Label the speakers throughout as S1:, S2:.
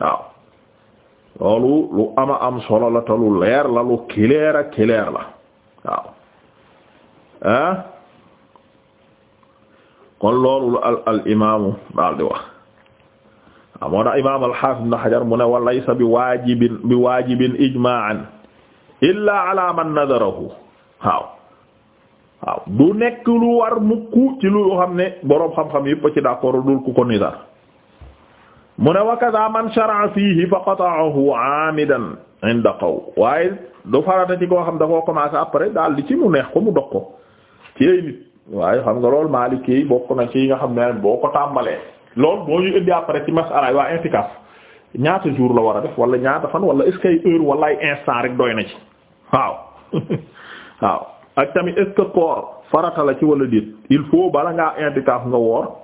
S1: loolu lu ama am solo la te lu leer la lu kileer la waaw ah kon loolu al al imaamu daal di wax waaw moo tax imaam al-Hafiz ibn Hajar mu ne wa laysa bi waajibin bi waajibin ijma'an illa man nadarahu waaw du nekk lu war mukk ci lu xam ne boroom xam-xam yëpp ci d'accord dul ku ko nidar mu ne wa kaza man shara'a fiihi fa qata'ahu aamidan inda qaw waaye du farata ci koo xam da koo commencé après daal di ci mu neex ko mu dog ko ci ay nit waaye xam nga loolu Maliki kii bokk na ci nga xam ne boo ko tàmbalee loolu boo ñu indi après ci masalaay waa intikaf ñaata jour la war a def wala ñaata fan wala est ay heure wala ay instant rek doy na ci waaw waaw ak tamit est-ce farata la ci wala déet il faut bala ngaa intikaf nga woor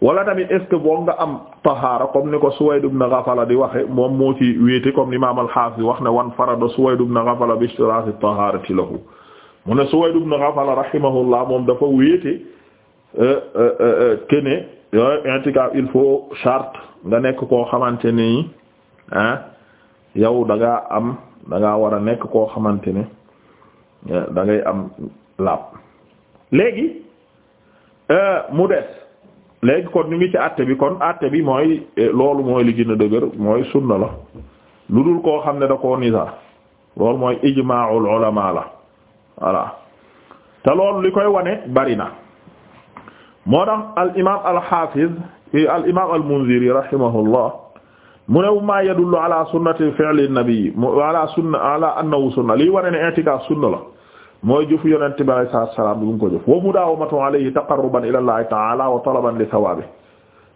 S1: wala tamit est ce que boo nga am tahaara comme ni ko Suwayd ibn Ghafala di waxe moom moo ci wéete l'imam al wax ne wan farada Suwayd ibn Ghafala bi ishtiraati tahaarati lahu mu ne Suwayd ibn Ghafala rahimahullah moom dafa wéete kene euh, euh, euh, i'tikaaf il faut charte nga nekk koo xamante ne yow da am da ngaa war a nekk koo xamante ne da ngay am laab léegi mu des léegi kon ñu ngi ci àtte bi kon àtte bi mooy eh, loolu mooy li gën a mooy sunna la lu dul koo xam ne da koo nisaar loolu mooy ijmaa'ul ulama la voilà te loolu li koy wane bari na moo tax al imaam al xaafiz eh, al imaam al munziri rahimahullah mu ne ma yadullu ala sunnati fi'li nabi ala sunna ala annahu sunna liy wane ne i'tikaaf sunna la. mooy jëfu yonente bi alayhi salaatu salaam bi mu ko jëf wa mudaawamatu alayhi taqarruban ila allahi ta'ala wa talaban li thawaabi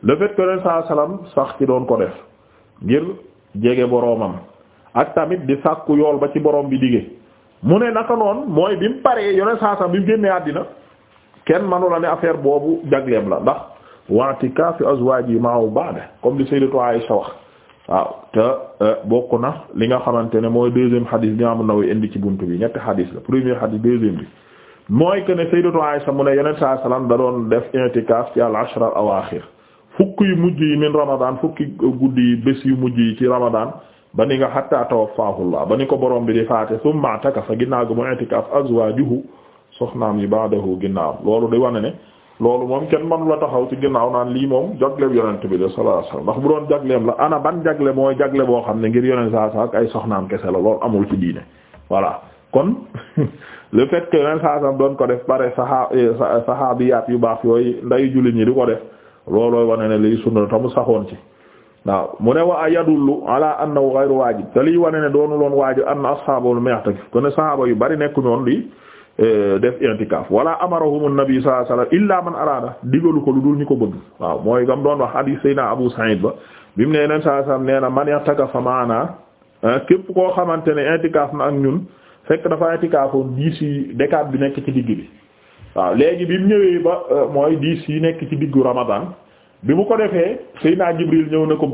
S1: le fait que yonent saa salaam sax ci doon ko def ngir jege boroomam ak tamit di sàkku yool ba ci boroom bi dige mu ne naka mooy bi mu paree yonent saa salaam bi mu génnee àddina kenn manu ne affaire boobu jagleem la ndax wa'tikaafu azwaaji ma'ahu ba'da comme li Sayyidatu Aïsha wax waaw te euh, bokk na li nga xamante ne mooy deuxième xadis bi Imaam An-Nawawi indi ci buntu bi ñetti xadis la premier xadis deuxième bi mooy que ne Sayyidatu Aisha mu ne Yonent saa salaam da doon def i'tikaaf ci al-ashra al-awaaxir fukk yu mujj yi min Ramadan fukki guddi yi bés yu mujj yi ci Ramadan ba ni nga hatta tawaffahu Allah ba ni ko borom bi di faate summa fa ginnaaw gi mu i'tikaaf azwaajuhu soxnaam yi ba'dahu ginnaaw loolu day wane ne. loolu moom kenn mënu la taxaw ci ginnaaw naan lii moom jagleem yonent bi de sallallahu alayhi wasallam ndax bu doon jagleem la ana ban jagle mooy jagle boo xam ne ngir yonent saa saa ak ay soxnaam kese la loolu amul ci diine voilà kon le fait que saa saa doon ko def pare saxaa eh, saxaabiyaat yu baax yooyu nday jullit ñi di ko def loolooy wane ne liy sunna tamu saxoon ci waaw mu ne wa yadullu ala annahu ghayru waajib te liy wane ne doonuloon waajib anna ashaabul mu'takif kon saxaaba yu bari nekkuñoon lii. Euh, def i'tikaaf wala amarahum an-nabi sa alayhi illa man araada digalu ko lu dul ñu ko bëgg waaw mooy gam doon wax hadith sayna Abu Sa'id ba bi mu ne neen sallallahu alayhi wasallam nee na man i'takafa maana képp koo xamante ne i'tikaaf na ak ñun fekk dafa i'tikaafoon diis yi décade bi nekk ci digg bi waaw léegi bi mu ñëwee ba euh, mooy diis yi nekk ci diggu Ramadan bi mu ko defee sayna Jibril ñëw na ko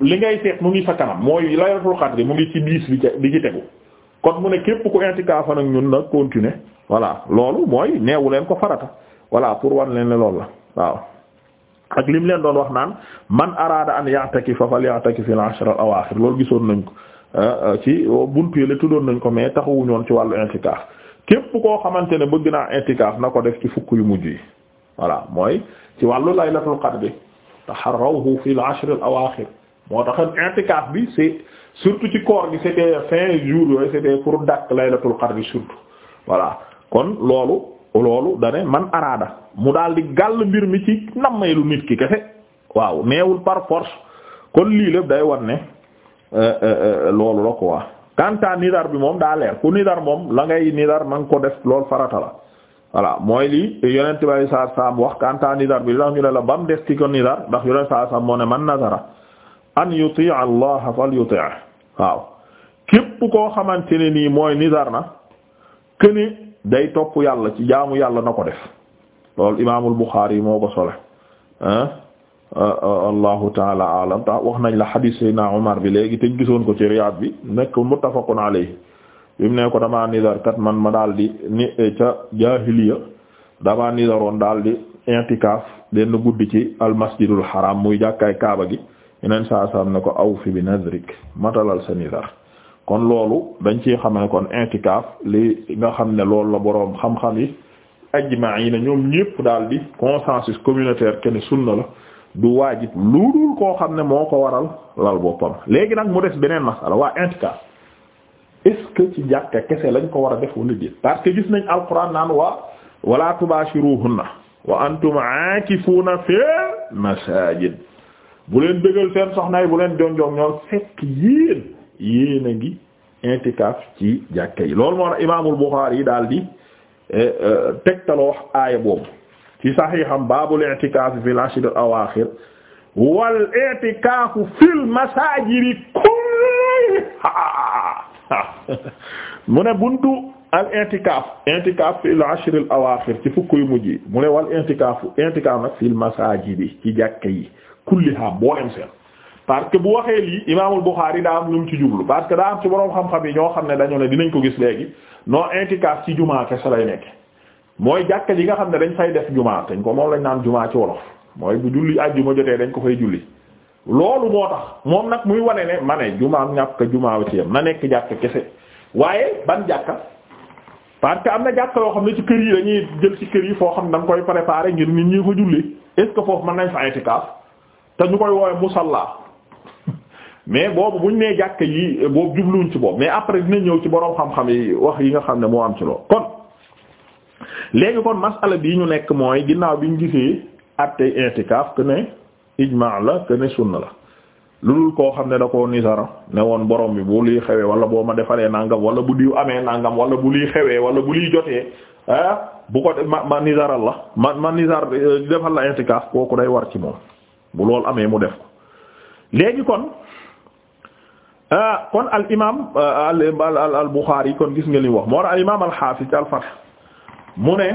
S1: li ngay seet mu ngi sa kanam mooy laylatul qadr mu ngi ci diis bi ci kon mu ne képp ku i'tikaaf nag ñun na continuer voilà loolu mooy neewu leen ko farata voilà pour wan leen ne lool la waaw ak lim leen doon wax naan man araada an ya'takifa falyatakif fil ashr al awaaxir loolu gisoon nañ ko ah, ci buntu yi la tuddoon nañ ko mais taxawuñu ci wàllu i'tikaaf képp koo xamante ne bëgg naa i'tikaaf na ko def ci fukk yu mujj yi voilà mooy ci wàllu laylatul qadr bi taharrawhu fil ashr awaaxir moo tax i'tikaaf bi c'est surtout ci koor gi c'était cinq jours yooyu c'était pour dàq laylatul qadr surtout voilà kon loolu loolu dane man araada mu daal di gàll mbir mi ci nammay lu nit ki kese waaw neewul par force kon lii lépp day wan ne euh, euh, euh, loolu la quoi kanta nidar bi moom daa leer ku nidar moom la ngay nidar na nga ko def loolu farata la voilà mooy lii yonent bay saar saam wax kanta nidar bi ndax ñu ne la ba des ci ko nidar ndax yonent saar saam moo ne man na an waaw képp koo xamante ne nii mooy nizar na këne day topp yàlla ci jaamu yàlla na ko def loolu imaamul Buxaari moo ko sole ah allahu taala alam ta wax nañ la xadiis sayna Umar bi léegi te gisoon ko ci Riyaad bi nekk muttafaqun alayhi bi mu ne ko damaa nizar kat man ma daal di ni eh, ca jaahiliya damaa nizaroon daal di intikaaf benn guddi ci almasjidul haram muy jàkkaay kaaba gi yeneen saa saam ne ko aw fi bi nadrik matalal sa nidar kon loolu dañ ci xam ne kon intikaaf li nga xam ne loolu la boroom xam-xam yi ajma'iina ñoom ñépp daal di consensus communautaire kenn sunna la du waajib lu dul koo xam ne moo ko waral lal boppam léegi nag mu des beneen masala waa intikaaf est ci jàkka kese lañ ko war a def wala déet parce que gis nañ alquran naan waa wala tubaashiruhunna wa antum aakifuuna fil masaajid bu leen bëggal seen soxnaay bu leen jonjoog ñoom fekk yéen yéen a ngi intikaaf ci jàkka yi loolu moo tax imaamul Buxaari yi daal di eh, eh, tegtaloo aaya boobu ci saxiixam baabul i'tikaafi fil ashr al mu ne buntu al i'tikaaf i'tikaaf fil ashr ci fukk yu mujj mu ne wal i'tikaafu i'tikaaf nag fil masaajidi ci yi kulliha boolem seen parce que bu waxee lii imaamul Buxaari daa am lu mu ci jublu parce que daa am ci boroom xam-xam yi ñoo xam ne dañoo ne dinañ ko gis léegi non intikaaf ci jumaa kese lay nekk mooy jàkka ji nga xam ne dañ fay def jumaa dañ ko moom lañ naan jumaa ci wolof mooy bu julli àjjuma jotee dañ ko fay julli loolu moo tax moom nag muy wane ne ma ne jumaa ñàkk jumaa ci yam na nekk jàkka kese waaye ban jàkka parce que am na jàkka yoo xam ne ci kër yi dañuy jël ci kër yi foo xam ne dañ koy préparer ngir nit ñi fa julli est-ce mën nañ fa intikaaf te ñu koy woowe musalla mais boobu buñ nee jàkka yi boobu jubluwuñ ci boobu mais après dina ñëw ci boroom xam yi wax yi nga xam ne moo am ci loolu kon léegi kon masala bi ñu nekk mooy ginnaaw bi ñu gisee attey i'tikaaf que ne ijmaa la que ne sunna lu dul koo xam ne da koo nisara ne woon borom bi bu lii xewee wala boo ma defalee nangam wala bu diw amee nangam wala bu lii xewee wala bu lii jotee ah bu ko ma ma la ma ma nisar eh, defal la i'tikaaf kooku day war ci moom bu loolu amee mu def ko léegi kon euh, kon al imaam euh, al al al Buxaari kon gis nga li wax moo tax al imaam al xaafis al Fath mu ne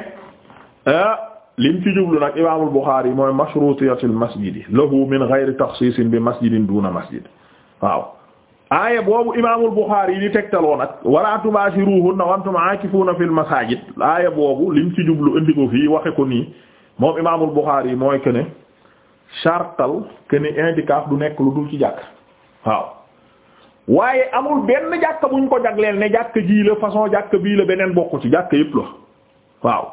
S1: euh, lim ci jublu nag imaamul Buxaari mooy mashruutiyatil masjidi lahu min ghayri taxsiisin bi masjidin duuna masjid waaw aaya boobu imaamul Buxaari yi di tegtaloo nag walaa tubaashiruhunna wa antum aakifuuna fil masaajid aaya boobu lim ci jublu indi ko fii waxe ko nii moom imaamul Buxaari yi mooy que chartal que ni i'tikaaf du nekk lu dul ci jàkk waaw waaye amul benn jàkk buñ ko jagleel ne jàkk ji la façon jàkk bii la beneen bokku ci jàkk yépp la waaw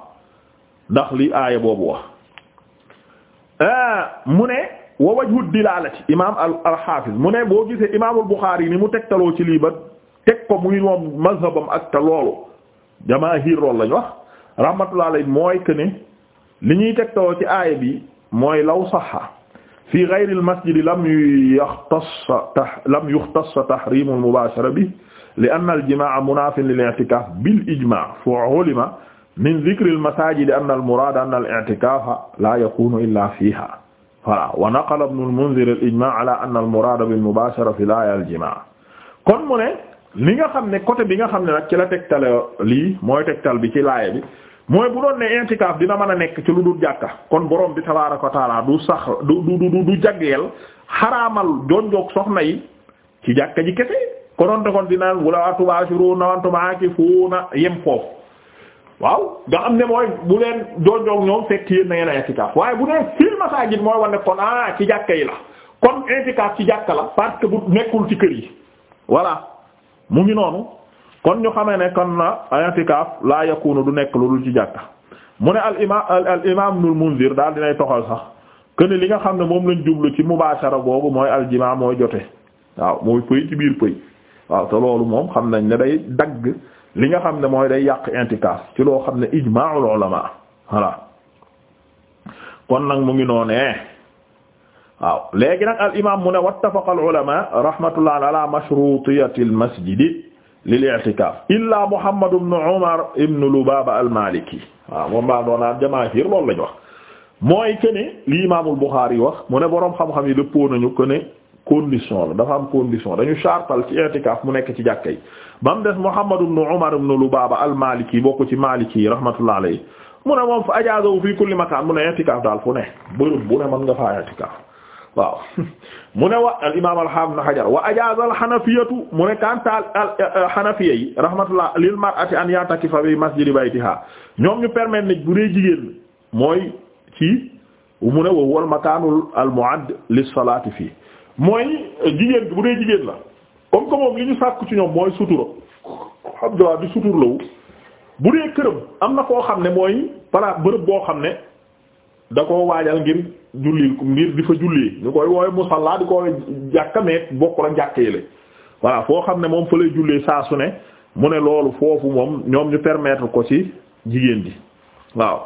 S1: ndax li aaya boobu wax euh, mu ne wa wajhu dilaalati imaam al alxaafiz mu ne boo gisee imaamul Buxaari ni mu tegtaloo ci lii ba teg ko muy moom mazhabam ak te loolu jamaahir loolu lañu wax rahmatullah alayhi mooy que ne li ñuy tegtaloo ci aaya bi mooy law saxa fi ghayri al-masjid lam yuxtass lam yuxtass tahrim al-mubashara bi li anna al-jimaa' munaafin lil-i'tikaaf bil-ijmaa' fa ulima min dhikri al-masaajid anna al-muraad anna al-i'tikaafa laa yakuunu illaa fiihaa voilà wa naqala ibnu al-Mundhir al-ijmaa' alaa anna al-muraada bil-mubaashara fi al-aaya al-jimaa' kon mu ne li nga xam ne côté bi nga xam ne nag ci la tegtale lii mooy tegtal bi ci laaya bi mooy bu doon ne intikaaf dina mën a nekk ci lu dul jàkka kon boroom bi tabaaraka wa taala du sax du du du du jagleel xaraamal jonjoog soxna yi ci jàkka ji kese konoon te kon dinaan wala wa antum aakifuuna nga xam ne mooy bu leen jonjoog ñoom fekk na waaye bu nee fil masaajid mooy wane kon ah ci jàkka yi la kon intikaaf ci jàkka la parce que bu nekkul ci kër yi voilà mu ngi noonu. kon ñu xamee ne kon na i'tikaaf laa yakunu du nekk lu dul ci jàkka mu ne al imaam al imaam Ibnul Munzir daal dinay toxal sax que li nga xam ne moom lañ jublu ci mubaashara boobu mooy aljimaa mooy jote waaw mooy pëy ci biir pëy waaw te loolu moom xam nañ ne day dagg li nga xam ne mooy day yàq i'tikaaf ci loo xam ne ijmaa'ul ulamaa voilà kon nag mu ngi noonee waaw léegi nag al imaam mu ne wattafaqa al ulamaa rahmatullahi masjidi lil i'tikaaf illaa Muhammad ibn Umar ibn Lubaaba al-Maaliki waaw moom laa doon naan jamaahir loolu lañu wax mooy que ne li Imaamul Buxaari wax mu ne boroom xam-xam yi dëppoo nañu que ne condition la dafa am condition dañu chartal ci i'tikaaf mu nekk ci jàkka yi ba mu des Muhammad ibn Umar ibn Lubaaba al-Maaliki bokk ci Maaliki yi rahmatullahi alayhi mu ne moom fa ajaazahu fii kulli makaan mu ne i'tikaaf daal fu ne bërëb bu ne mën nga faa i'tikaaf waaw. mu ne wa al imaam al haafid hajar wa ajaaza al hanafiyatu mu ne kanta al hanafiya yi rahmatullah lil mar'ati an yatakifa bi masjidi baytiha ñoom ñu permettre ne bu dee jigéen mooy ci mu ne wa wal makaanul al mu'add lis salaati fii mooy jigéen bu dee jigéen la comme que moom li ñu sàkk ci ñoom mooy sutura abdullah di suturlawu bu dee këram am na koo xam ne mooy para bërëb boo xam ne da koo waajal ngir jullil ngir di fa jullee ñu koy woowe musalla di ko jàkka mais bokk la njàkkeele voilà foo xam ne moom fa lay jullee saa su ne mu ne loolu foofu moom ñoom ñu permettre ko ci jigéen ji waaw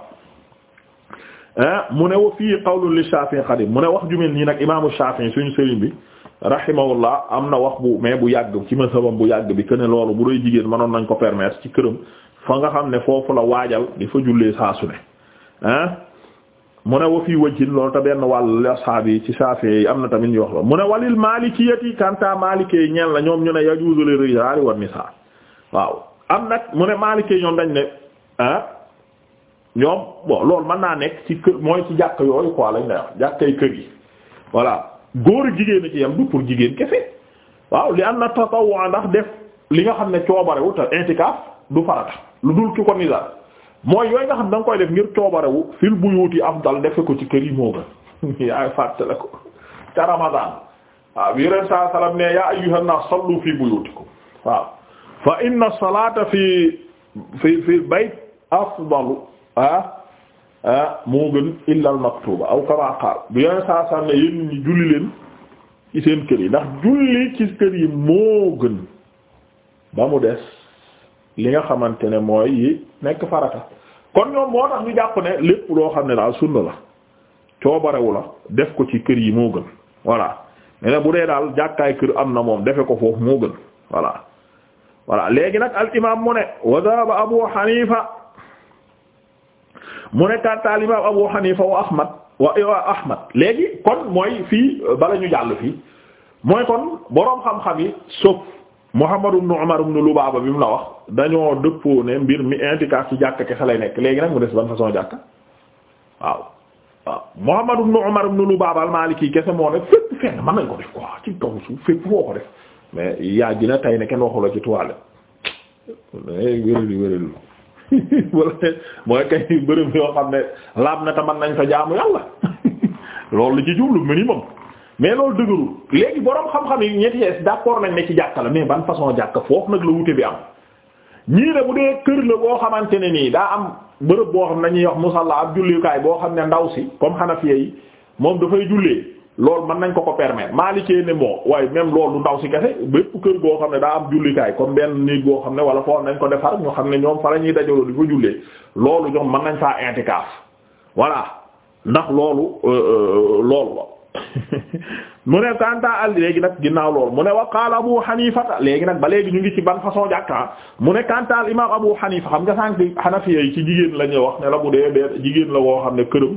S1: mu ne wa fii qawlun li Shafi'i qadim mu ne wax jumel nii nag imaamu Shafi'i suñu sëriñ bi rahimahullah am na wax bu mais bu yàgg ci masabam bu yàgg bi que ne loolu bu doy jigéen mënoon nañ ko permettre ci këram fa nga xam ne foofu la waajal di fa jullee saa mu ne wa fii wajhin loolu te benn wàll ashab yi ci saafee yi am na tamit ñu wax la mu ne walil maalikiyati kanta maalikee ñeen la ñoom ñu ne yajuzu li rijaali wan nisaa waaw am nag mu ne maalikee ñoom dañ ne ah ñoom bon loolu mën naa nekk ci kër mooy ci jàkk yooyu quoi lañ lay wax jàkkay kër yi voilà góor jigéen a ci yam du pour jigéen kese waaw li am na tatawwu ndax def li nga xam ne coobare wu te intikaaf du farata lu dul ki ko nisaar mooy yooyu nga xam da nga koy def ngir coobarewu fil buyuti afdal defe ko ci kër yi moo gën yaa fàttale ko ca Ramadan waaw bi yeneen saa salaam ne yaa ayyuhan naas sallu fi saa salaam ah? ah, ne yéen julli leen ci seen kër yi ndax julli ci kër yi moo gën ba mu des li nga xamante ne mooy yi nekk farata kon ñoom moo tax ñu jàpp ne lépp loo xam ne daal sunna la coobarewu la def ko ci kër yi moo gën voilà mais bu dee daal jàkkaay kër am na moom defe ko foofu moo gën voilà voilà léegi nag al imam mu ne wa dhahaba abu hanifa mu ne kanta abu hanifa wa ahmad wa ahmad léegi kon mooy fii bala ñu jàll fii mooy kon boroom xam-xam yi sopp Muhammad ibn Umar ibn Lubaaba bi mu la wax dañoo dëppoo ne mbir mi i'tikaaf ci jàkka kese lay nekk léegi nag mu des ban façon jàkka waaw waaw Muhammad ibn Umar ibn Lubaaba al-Maaliki kese moo ne fépp fenn mën nañ ko def quoi ci kaw suuf fépp foo def mais yaa gina tay ne kenn waxula ci toile wérelu wérelu wala mooy kay bërëb yoo xam ne laab na te nañ fa jaamu yàlla loolu ci jublu minimum mais loolu dëgërul léegi borom xam-xam yi ñetti yees d'accord nañ ne ci jàkka la mais ban façon jàkka foofu nag la wute bi am ñii ne bu dee kër la boo xamante ne nii daa am bërëb boo xam ne dañuy wax musalla ab jullikaay boo xam ne ndaw si comme xanafiya yi moom dafay jullee loolu mën nañ ko ko permettre maalikee ne moo waaye même loolu du ndaw si kese bépp kër boo xam ne daa am jullikaay comme benn néeg boo xam ne wala foo nañ ko defar ñu xam ne ñoom fa la ñuy dajaloo di fa loolu ñoom mën nañ faa intikaaf voilà ndax loolu euh, euh, loolu mu ne kanta al léegi nag ginnaaw loolu mu ne wa qaala abu xanifata léegi nag ba léegi ñu ngi ci ban façon jàkka mu ne kanta al imam abu xanifa xam nga sànq xanafiya yi ci jigéen la ñuy wax ne la bu dee dee jigéen la woo xam ne këram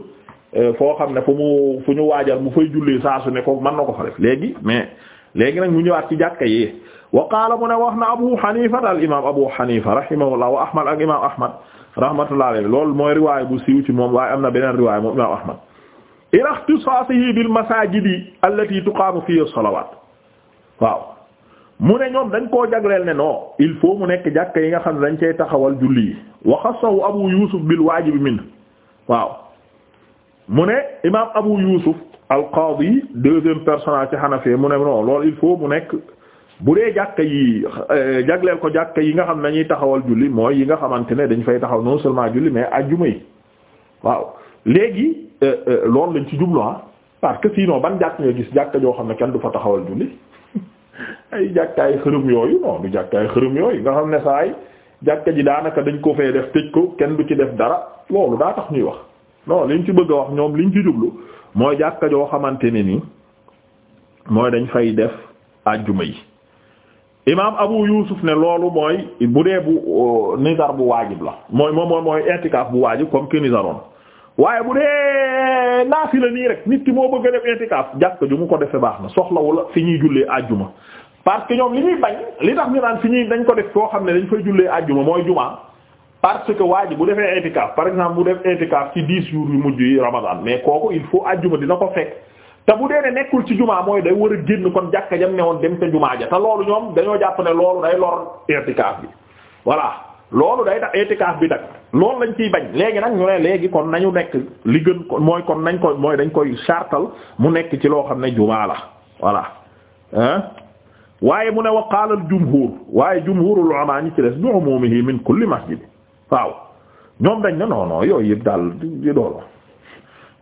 S1: eh, foo xam ne fu mu fu ñu waajal mu fay jullee saa su ne ko man na ko fa def léegi mais léegi nag mu ñëwaat ci jàkka yi wa mu ne wax na abu xanifata al imam abu xanifa rahimahullah wa ahmad ak imam ahmad rahmatullah alayhi loolu mooy riwaay bu siiw ci moom waaye am na beneen riwaay moom imam ila ikhtisaasihi bil masaajidi allati tuqaamu fiha salawaat waaw mu ne ñoom dañ koo jagleel ne noo il faut mu nekk jàkk yi nga xam ne dañ cay taxawal julli yi wa xassahu abu yusuf bil waajibi min waaw mu ne imaam abu yusuf al qaadi deuxième personnage ci Hanafi mu ne non loolu il faut mu nekk bu dee jàkk yi euh, jagleel ko jàkk yi nga xam ne dañuy taxawal julli mooy yi nga xamante ne dañ fay taxaw non seulement julli mais ajjuma yi waaw léegi euh, euh, loolu lañ ci jublu ah parce que sinon ban jàkk nga gis jàkka joo xam ne kenn du fa taxawal julli ay jàkkaay xërëm yooyu non du jàkkaay xërëm yooyu nga xam ne saa jàkka ji daanaka dañ ko fee def tëj ko kenn du ci def dara loolu daa tax ñuy wax non liñ ci bëgg a wax ñoom liñ ci jublu mooy jàkka joo xamante ne ni mooy dañ fay def àjjuma yi imaam Abu Yusuf ne loolu mooy bu dee bu euh, nizar bu waajib la mooy moom mooy mooy i'tikaaf bu waajib comme que nizaroon waaye bu dee naafila nii rek nit ki moo bëgg a def intikaaf jàkk ju mu ko defee baax na soxlawul fi ñuy jullee àjjuma parce que ñoom li ñuy bañ li tax ñu naan fi ñuy dañ ko def koo xam ne dañ fay jullee àjjuma mooy jumaa parce que waa ji bu defee intikaaf par exemple bu def intikaaf ci dix jours yu mujj yi Ramadan mais kooku il faut àjjuma dina ko fekk te bu dee ne nekkul ci jumaa mooy day war a génn kon jàkka jam ne woon dem te jumaa ja te loolu ñoom dañoo jàpp ne loolu day lor intikaaf bi voilà. loolu day da itikaaf bi nag loolu lañ ciy bañ léegi nag ñu ne léegi kon nañu nekk li gën ko mooy kon nañ ko mooy dañ koy sartal mu nekk ci loo xam ne jumaa la voilà waaye mu ne wa qaala al jumhur waaye jumhurul ulama ñi ci des bi umumihi min kulli masjid waaw ñoom dañ na non non yooyu yëpp daal di doolo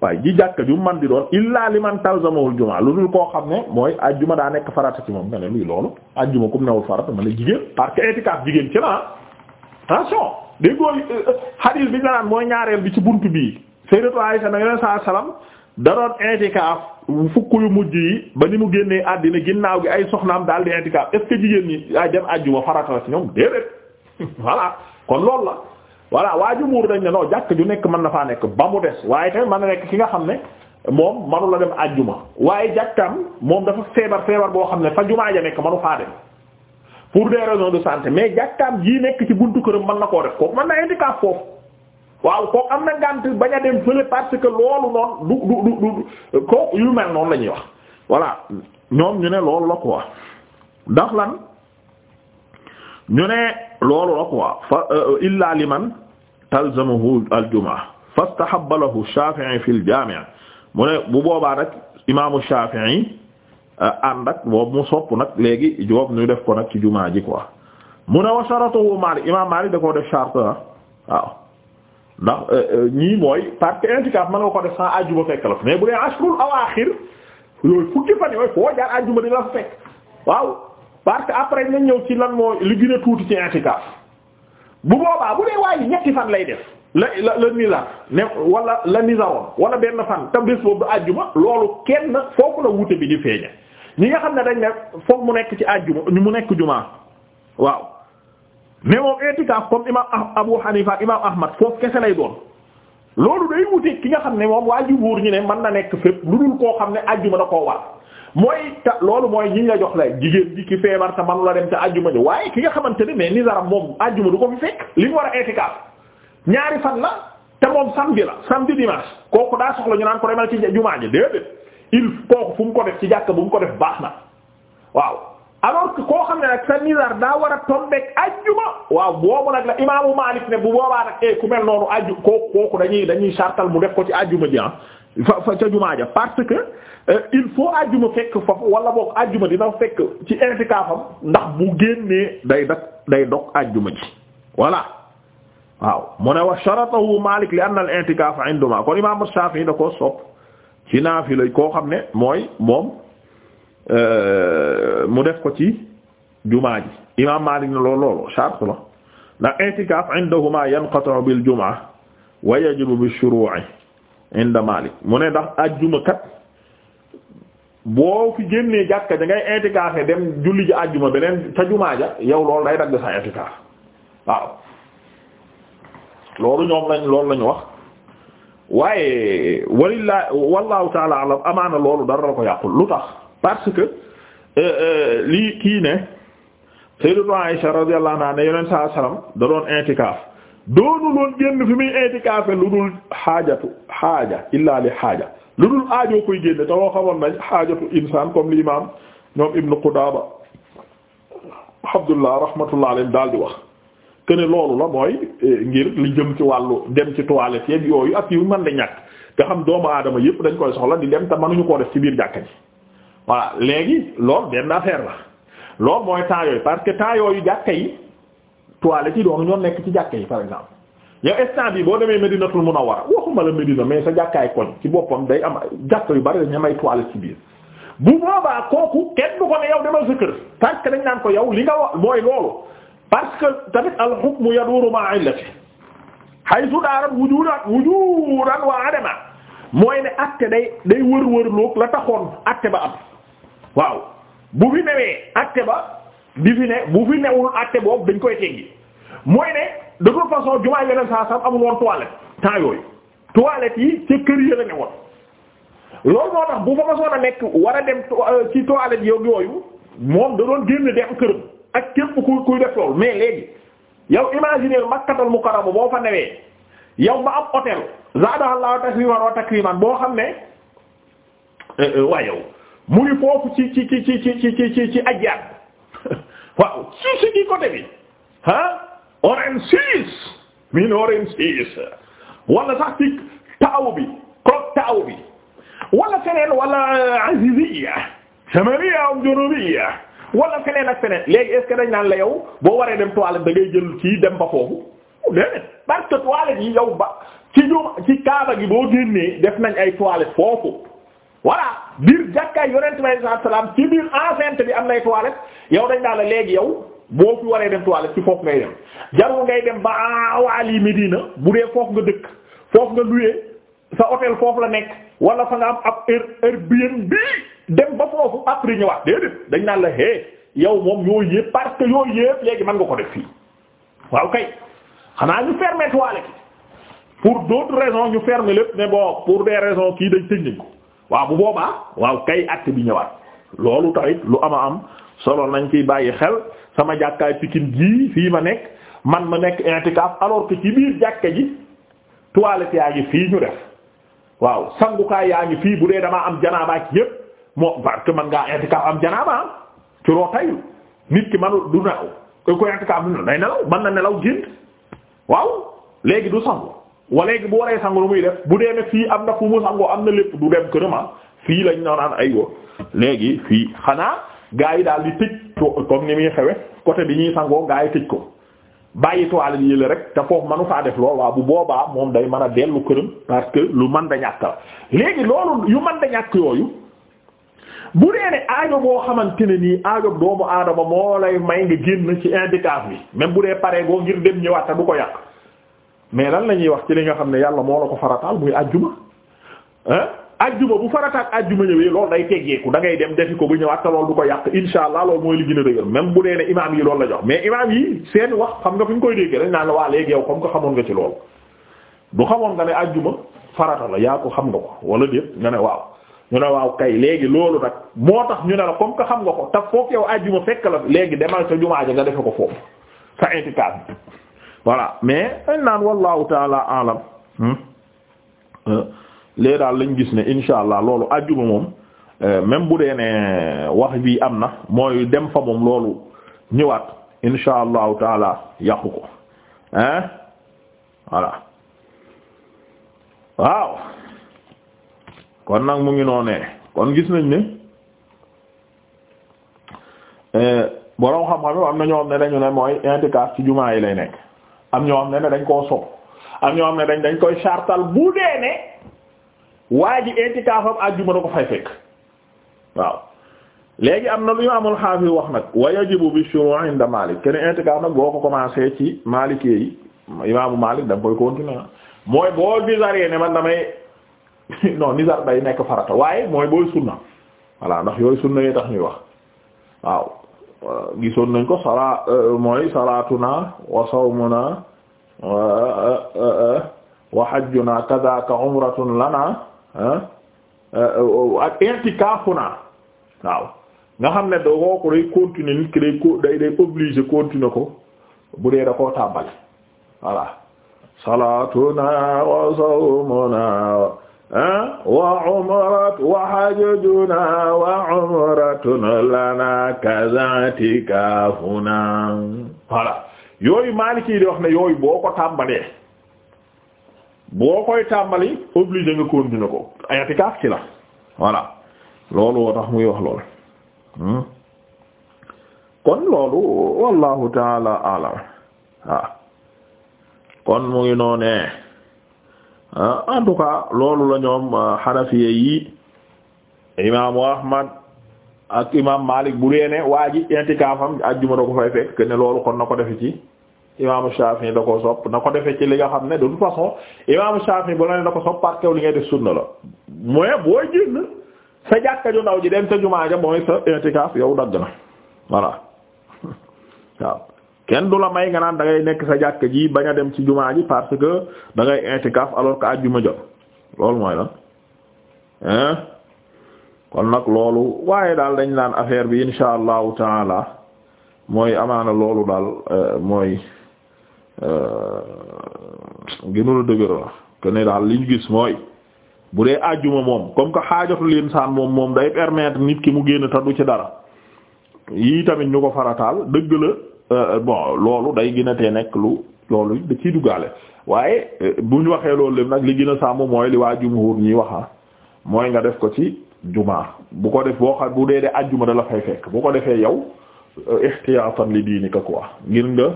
S1: waaye ji jàkka ju man di doon illaa li man talzamahul jumaa lu dul koo xam ne mooy ajjuma daa nekk farata ci moom nga ne luy loolu ajjuma kum newul farata attention déggoo xadiis euh, bi ñu la naan mooy ñaareel bi ci bunt bii Sayyidatu Aisha na yoneen saa salaam da doon intikaaf fukk yu mujj yi ba ni mu génnee àddina ginnaaw gi ay soxnaam daal di intikaaf est jigéen ñi ay dem àjjuma farata la ci ñoom déedéet voilà kon loolu la voilà waa jumuur dañ ne non jàkk ju nekk mën na faa nekk ba mu des waaye tamit mën na nekk ki nga xam ne moom manu la dem àjjuma waaye jàkkaam moom dafa feebar feebar boo xam ne fa jumaa ja nekk manu faa dem pour des raisons de santé mais jàkkaam jii nekk ci buntu këram mën na koo def kooku mën na indikaat foofu waaw kooku am na gànt bañ a dem fële parce que loolu noonu du du du du kooku yu mel la ñuy wax voilà ñoom ñu ne loolu la quoi ndax lan ñu ne loolu la quoi fa euh, illa liman talzamuhu aljumaa fastahabbalahu Shafi'i fil jami' mu ne bu boobaa rek imaamu Shafi'i Euh, ànd ak boobu mu sopp nag léegi boobu ñu def ko nag ci jumaa ji quoi mu ne wa sharatuhu Maalik imaam Maalik da koo def charte ah waaw ndax euh, euh, ñii mooy parce que i'tikaaf mën nga ko def sans àjjuma fekk la mais bu dee ashrul awaaxir yooyu fukki fan yooyu foo la fa fekk waaw parce que après na ñëw ci lan moo li gën a tuuti ci i'tikaaf bu boobaa bu dee waaye ñetti fan lay def. la la la nizar benn fan te bés boobu àjjuma loolu kenn foofu la wuute bi di feeñe ñi nga xam ne dañ ne foog mu nekk ci àjjuma mu nekk jumaa waaw mais moom i'tikaaf comme imam ah Abu Hanifa imam Ahmad foofu kese lay doon loolu day wuti ki nga xam ne moom waa jumhuur ñu ne man na nekk fépp lu dul koo xam ne àjjuma da koo war mooy ta loolu mooy ñi nga jox lay jigéen ji ki feebar te manu la dem te àjjuma ji waaye ki nga xamante ne mais nizaram moom àjjuma du ko fi fekk li mu war a i'tikaaf ñaari fan la te moom samedi la samedi dimanche kooku daa soxla ñu naan ko demal ci jumaa ji il kooku fu mu ko def ci jàkk bu ko def baax na waaw alors koo xam ne nag sa nizar war a tombeeg ajjuma waaw boobu nag la imaamu bu boobaa eh, ku mel noonu ajju kooku kooku dañuy dañuy sartal mu def ko ci ajjuma ji ah fa jumaa ja parce que eh, il faut ajjuma fekk foofu wala boog ajjuma dina fekk ci intikaafam ndax bu génnee day dak day dog ajjuma ji voilà waaw mu ne wa sharatahu Maalik li anna al-i'tikaaf induma kon imaamu Shaafi'i da koo sopp ci naafila koo xam ne mooy moom euh, mu def ko ci jumaa ji imaam Maalik ne loolu loolu shart la ndax i'tikaaf indahuma yanqatu bil jumaa wa yajibu bi shuru'i inda Maalik mu ne ndax àjjuma kat boo fi génnee jàkka da ngay i'tikaafe dem julli ji àjjuma beneen ca jumaa ja yow loolu day dagg sa i'tikaaf loolu ñoom lañ loolu lañu wax waaye walilaa wallahu taala alam amaana loolu dara la ko yàqul lu tax parce que euh, euh, lii kii ne sayyidatu Aisha radiyallahu anha ne yonent saa salaam da doon intikaaf doonu loon génn fi muy intikaafe lu dul xaajatu xaaja illa li xaaja lu dul aajoo koy génne te woo xamoon nañ xaajatu insaan comme l'imam ñoom Ibn Qudaaba Abdullah rahmatullah alayhi daal di wax que ne loolu la mooy eh, ngir li jëm ci wàllu dem ci toilette yeeg yooyu ak yu man da ñàkk nga xam doomu aadama yëpp dañ koy soxla di dem te mënuñu koo def ci biir jàkka ji voilà léegi loolu benn affaire la lool mooy temps yooyu parce que temps yooyu jàkka yi toilette yi doonu ñoo nekk ci jàkka yi par exemple yow instant bi boo demee Medinatul Munawwara waxuma la Medina mais sa jàkkaay koñ ci boppam day am jàkka yu bari dañu am ay toilette ci biir bu boobaa kooku yow demal sa kër parce dañ naan ko yow li nga wa mooy loolu parce que tamit al hukmu yaduuru ma'a illati haythu daarat wujuudan wujuudan wa adama mooy ne acte day day wër wër loog la taxoon acte ba am waaw bu fi newee acte ba di fi ne bu fi newul acte boobu dañ koy teggi mooy ne de toute façon jumaa yeneen saa sam amul woon toilette yooyu toilette yi ca kër yi la ne woon loolu moo tax bu fa ma a nekk war a dem euh, ci toilette yooyu moom da doon génn dem këram ak képp ku kuy def loolu mais léegi yow imaginer makkatal mukarrama boo fa newee yow ma am hôtel zaadahallaahu tasriman wa takriman boo xam ne eh, eh, waa yow foofu ci ci ci ci ci ci ci ci ci ci ci côté bi ah orange six min orange six eh, aziziya samaria am junubiya wala feneen ak feneen léegi est dañ naan la yow boo waree dem toilette da ngay jël kii dem ba foofu déedéet parce que toilette yi yow ba ci ñu ci kaaba gi boo génnee def nañ ay toilette foofu voilà biir jàkkaay yonent bi saa salaam biir enceinte bi am nay toilette yow dañ naan la léegi yow boo fi waree dem toilette ci foofu ngay dem jarul ngay dem ba awali Medina bu dee foofu nga dëkk foofu nga luyee sa hôtel foofu la nekk. wala fa nga am ab bi dem ba foofu après ñëwaat déedéet dañ naa la hé yow moom yooyu yëpp parce que yooyu yëpp léegi man nga ko def fii waaw kay xanaa ñu fermer toilette pour d'autres raisons ñu fermer lépp mais bon pour des raison kii dañ tëj nañ ko waaw bu boobaa waaw kay acte bi ñëwaat loolu tamit lu ama am solo nañ kiy bàyyi xel sama jàkkaay Pikine jii fii ma nekk man ma nekk i'tikaf alors que ci biir jàkka ji toilette yaa ngi fii ñu def waaw sangukaay yaa ngi fii bu dee damaa am janaaba yépp moo parce que man ngaa i'tikaaf am janaaba ah ci roo tayul nit ki manul du nelaw koy ko i'tikaaf du day nelaw man na nelaw gént waaw léegi du sangu wa léegi bu waree sangu lu muy def bu dee ne fii am na fu mu sangoo am na lépp du dem kërama ah fii lañ noo naan ay wo léegi fii xanaa gaa yi daal di tëj comme ni muy xewe côté bi ñuy sangoo gaa yi tëj ko bàyyi toile yële rek te foofu manu faa def lool waaw bu boobaa moom day man a dellu këram parce que lu man da ñàkk la léegi loolu yu man da ñàkk yooyu bu dee ne aajo boo xamante ne nii aajo doomu aadama moo lay may nga génn ci indicateur bi même bu dee paree goo ngir dem ñëwaat te du ko yàq mais lan la ñuy wax ci li nga xam ne yàlla moo la ko farataal muy àjjuma ah ajjuma bu farataak ajjuma ñëwee loolu day teggeeku da ngay dem defi ko bu ñëwaat te loolu du ko yàq insha allah loolu mooy li gën a dëgër même bu dee ne imaam yi loolu la jox mais imaam yi seen wax xam nga fu ñu koy déggee dañ naan la waa léegi yow comme que xamoon nga ci loolu du xamoon nga ne ajjuma farata la yaa ko xam nga ko wala déet nga ne waaw ñu ne waaw kay léegi loolu nag moo tax ñu ne la comme que xam nga ko te foog yow ajjuma fekk la léegi demal sa jumaa ja nga defe ko foofu sa intikaaf voilà mais dañ naan wallahu taala alam hmm? euh, lee daal lañ gis ne insha allah loolu àjjuma moom euh, même bu dee ne wax bi am na mooy dem fa moom loolu ñëwaat insha allahu taala yàqu ko hein voilà waaw kon nag mu ngi noonee kon gis nañ ne euh, borom xam-xam am na ñoo xam ne dañu ne mooy i'tikaaf ci jumaa yi lay nekk am ñoo ne ne dañ koo sopp am ñoo xam ne dañ dañ koy sartal bu dee ne waa ji intikaafam àjjuma da ko fay fekk waaw léegi am na lu imaamul xaafis wax nag wa yajibu bi shuru' inda Maalik kenn intikaaf nag boo ko commencé ci Maalik yi imaamu Maalik da koy continuer mooy boo nisaree man damay non nekk farata waaye mooy booy sunna voilà ndax yooyu sunna yi tax ñuy wax waaw euh, gisoon nañ ko salaa euh, mooy salaatuna wa sawmuna wa euh, hajjuna kadaka umratun lana ak euh, euh, i'tikafuna waaw nga xam ne doo ko day continuer nit ki day day day obligé continuer ko bu dee da koo tàmbali voilà salatuna wa sawmuna wa umrat wa hajjuna wa umratun lana kazatika funa voilà yooyu Maliki wax ne yooyu boo ko tàmbalee boo koy tàmbali obligé nga continuer ko i'tikaaf ci la voilà loolu woo tax muy wax lool hmm? kon loolu wallahu taala alam ah. kon mu ngi noonee ah, en tout cas loolu la ñoom xanafiye ah, yi imaamu ahmad ak imaam malik bu dee ne waa ji i'tikaafam ajjuma da ko fay fekk ne loolu kon na ko defe ci imaamu Shafi'i da ko sopp na ko defee ci li nga xam ne de toute façon imaamu Shafi'i bu la ne da ko sopp parce que li ngay def sunna la mooy boo génn sa jàkka ju ndaw ji dem sa jumaa ja mooy sa i'tikaaf yow dagg na voilà waaw kenn du la may nga naan da ngay nekk sa jàkka ji bañ a dem ci jumaa ji parce que da ngay i'tikaaf alors que àjjuma jot loolu mooy lan hein kon nag loolu waaye daal dañ naan affaire bi insha allahu taala mooy amaana loolu daal euh, mooy Euh, gënul a dëgëral que ne daal li ñu gis mooy bu dee àjjuma moom comme que leen insaan moom moom day permettre nit ki mu génn taddu ci dara yii tamit ñu ko farataal dëgg la euh, bon loolu day gën te tee nekk lu loolu da ciy duggaale waaye euh, bu ñu waxee loolu lépp nag li gën a sàmm mooy li waa jumhur ñuy waxa ah, mooy nga def ko ci jumaa bu ko def boo xam bu dee dee àjjuma da la fay fekk bu ko defee yow ihtiyaatan li diinika quoi ngir nga.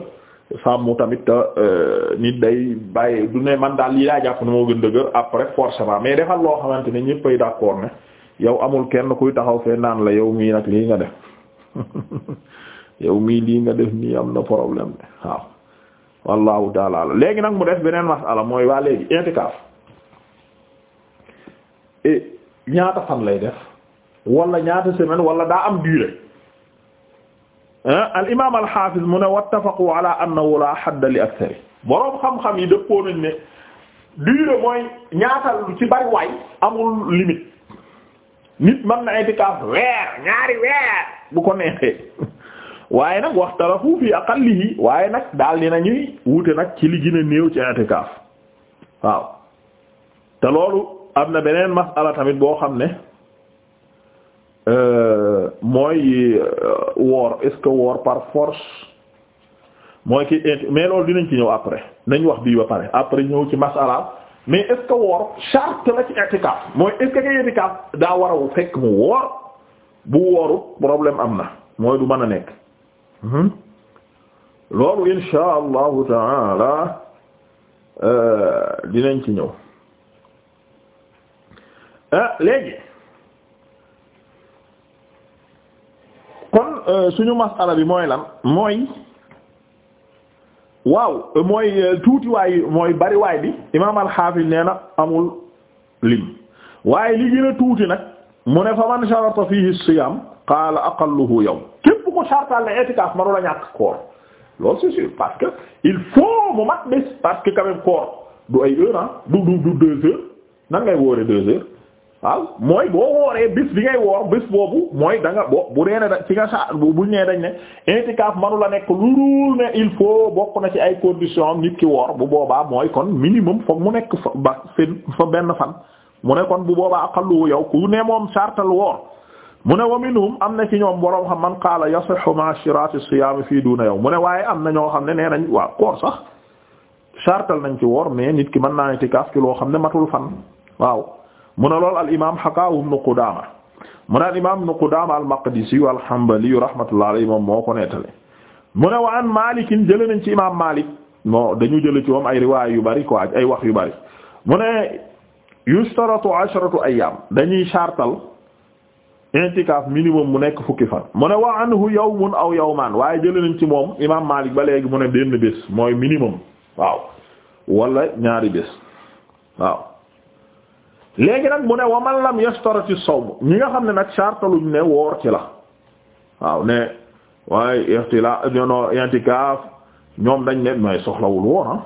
S1: sàmm tamit euh, nit day bàyyi du ne man daal lii daa jàpp ne moo gën dëgër après forcément mais defal loo xamante ne ñëpp ay d'accord ne yow amul kenn kuy taxaw fee naan la yow mii nag lii nga def yow mii lii nga def nii am na problème de waaw wallahu taala léegi nag mu def beneen ala mooy waa léegi intikaaf ñaata fan lay def wala ñaata semaine wala daa am durée al imaam al xaafiz mu ne wattafaqu ala annahu la xadda li akthari boroom xam-xam yi dëppoo nañ ne durée mooy ñaatal ci bari amul limite nit mën na itikaaf weer ñaari weer bu ko neexee waaye nag waxtalafu fi aqallihi waaye nag daal dina ñuy wuute nag ci li gën a néew ci itikaaf waaw te loolu am na beneen masala tamit boo xam ne Euh, mooy euh, woor est woor par force mooy ki mais loolu dinañ ci ñëw après nañ wax bii ba pare après ñëw ci masala mais est-ce woor charte la ci i'tikaf mooy est-ce daa war a fekk mu woor bu wooru problème am na mooy du mën a nekk mhm. loolu insha allahu taala euh, dinañ ci ñëw ah, léegi kon euh, suñu masala bi mooy lan mooy waaw mooy euh, tuutiwaay mooy bariwaay bi imaam al-Hafiz nee na amul lim waaye li gën tuuti nag mu ne fa man sharata fihi siyam qaala aqalluhu yawm képp ko shartal la i'tikaf manu la ñàkk koor loolu c'est sûr parce que il faut mu mat bés parce que quand même du ay heure ah du du du deux heures nan ngay deux heures waaw mooy boo wooree bis bi ngay woor bis boobu mooy da bo bu dee ne ci nga sa buñ nee dañ ne intikaaf manu la nekk lu dul ne il faut bokk na ci ay conditions am nit ki woor bu boobaa mooy kon minimum foog mu nekk fa ba fa benn fan mu ne kon bu boobaa aqallu yow ku ne moom sartal woor mu ne wa minhum am na ci ñoom boroom xam man qaala yasihu ma shirati siyaam fii duna yow mu ne waaye am na ñoo xam ne nee nañ waa koor sax sartal nañ ci woor mais nit ki mën naa intikaaf ci loo xam ne matul fan waaw mu ne lool al imaam xakaahu ibnu Qudaama mu ne al imaam ibnu Qudaama al Maqdisiyu al Hanbaliyu rahmatullahi alayhi moom moo ko nettali mu ne wa an Maalikin jëlee nañ ci imaam Maalik moo dañu jëlee ci moom ay riwaay yu bari quoi ay wax yu bari mu ne yustaratu asharatu ayyaam dañuy chartal intikaaf minimum mu nekk fukki fan mu ne wa anhu yawmun aw yawmaan waaye jëlee nañ ci moom imaam Maalik ba léegi mu ne benn bés mooy minimum waaw wala ñaari bés léegi nag mu ne wa man lam yashtarati sawm ñi nga xam ne nag sartaluñ ne woor ci la waaw ne waaye ihtila ñono intikaaf ñoom dañ ne mooy soxlawul woor ah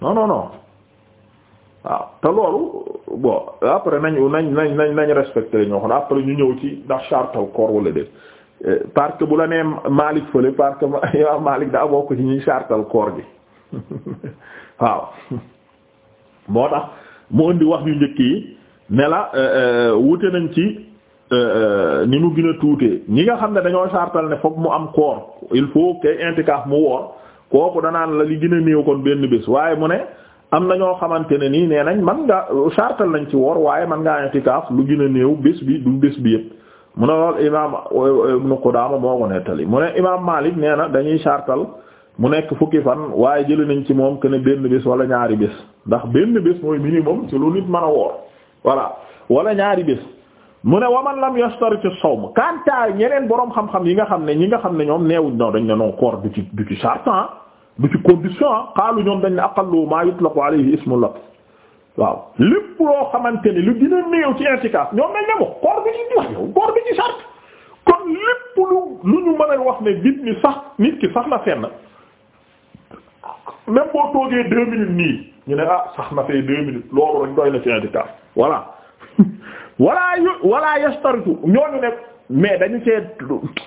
S1: non non non waaw te loolu bon après nañu nañ nañ nañ nañ respecté ñoo xam ne après ñu ñëw ci ndax sartal koor wala déet eh, parce que bu la nee Malik fële parce que yow Malik daa bokk ci ñuy sartal koor gi waaw moo tax mu indi wax yu njëkk yi ne la euh, euh, wute nañ ci euh, ni mu gën a tuutee ñi nga xam ne dañoo sartal ne fokk mu am koor il faut que intikaaf mu woor kooku danaan la li gën a néew kon benn bés waaye mu ne am na ñoo xamante ne nii nee nañ man nga sartal nañ ci woor waaye man ngaa intikaaf lu gën a néew bés bi du bés bi yëpp mu ne lool imaam ko Qudaama moo ko nettali mu ne imaam Maalik nee na dañuy sartal mu nekk fukki fan waaye jëli nañ ci moom que ne benn bés wala ñaari bés ndax benn bés mooy minimum ci lu nit mën a woor voilà wala ñaari bés mu ne waman lam yashtarit as ma kanta ñeneen boroom xam-xam yi nga xam ne ñi nga xam ne ñoom neewuñ non dañ ne non koor du ci du ci charte ah, du ci condition ah, xaalu ñoom dañ ne aqallu ma yutlaqu alayhi ismu lat waaw lépp loo xamante ni lu dina néew ci i'tikaf ñoom dañ ne mo koor bi ci wax kon lépp lu lu ñu mën a wax ne nit ñi sax nit ki sax la fenn même boo toogee deux minutes nii ñu ne ah sax na fee deux minutes loolu rek doy na ci i'tikaaf voilà walaa yu walaa yastaritu ñooñu ne mais dañu cee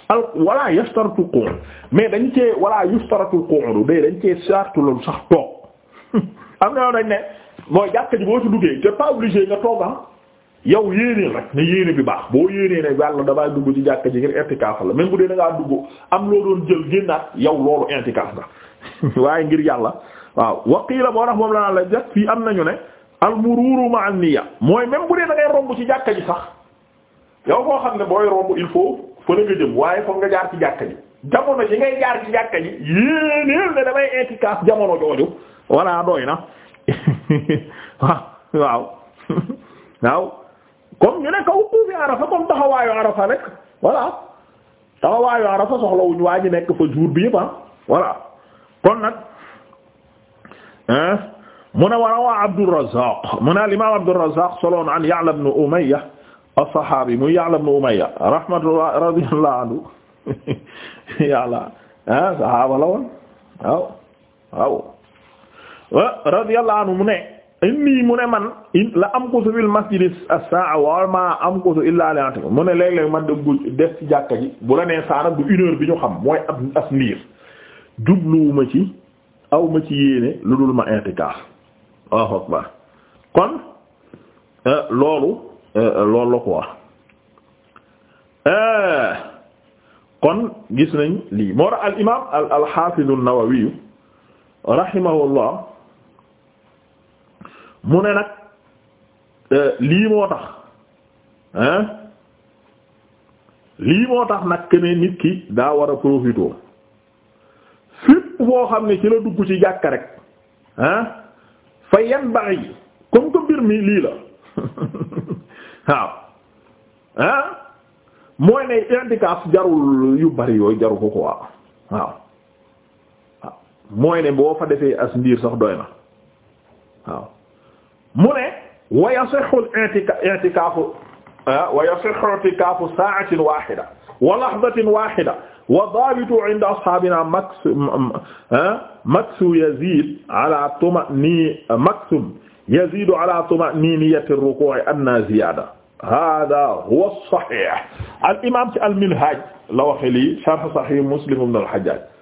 S1: al walaa yastaritu qur mais dañu cee walaa yastaritu qur day sax toog am na yoon ne mooy jàkk ji boo ci duggee te pas obligé nga toog ah yow yéeneel rek ne yéene bi baax boo yéenee ne yàlla damay dugg ci jàkk ji ngir i'tikaaf la même bu dee da ngaa dugg am loo doon jël génnaat yow loolu i'tikaaf nga waaye ngir yàlla waaw waqiila boo tax moom la la jàpp fii am nañu ne almururu ma an-niyya mooy même bu dee da ngay romb ci jàkka ji sax yow koo xam ne booy romb il faut fële nga jëm jaar ci jàkka ji jamono ji ngay jaar ci jàkka ji yéeneel jamono jooju walla doy na waaw waaw comme ñu ne kaw kuufi comme taxawaayu arafa rek voilà taxawaayu arafa soxlawuñu waa ñu nekk fa jour bi yëpp ah voilà kon nag mu ne warawaa Abdurrazzaq mu ne al-imaam an Ya'la ibn Umayya as-saxaabi muy Ya'la ibn Umayya rahmatullahi radiyallahu anhu Ya'la ah saxaaba la woon waaw waaw radiyallahu anhu mu ne inni mu man la amkusu fil masjidi as-saa'a wa ma amkusu illaa li mu ne léeg-léeg man dëggu des ci jàkka ji bu la nee saa nag du bi ñu xam mooy ab as jubluwuma ci aw ma ci yéene lu dul ma intikaaf waaw akbar kon euh, loolu euh, loolu la ko wax euh, kon gis nañ lii moo tax imaam al al xaafizu an-Nawawi mu ne nag lii moo tax hein lii moo tax nag que nit ki daa war a profiter boo xam ne ci la dugg ci jàkka rek ah fa yan bari yi comme que mbir mi lii la waaw ah mooy ne i'tikaf jarul yu bari yooyu jaru ko ko waaw waaw waaw mooy ne boo fa defee as ndiir sax doy na waaw mu ne wa yasihhu al-i'tikaf ah, wa yasihhu i'tikafu sa'atin wahida wa lahdatin wahida wa daabitu inda ashaabina eh, maksu yazid ala tumani maksum yazidu ala tuma'niniyati ruku'i anna ziyada hada huwa as-sahih al imam ci al minhaj la waxe lii sharh sahih muslim ibn al hajjaj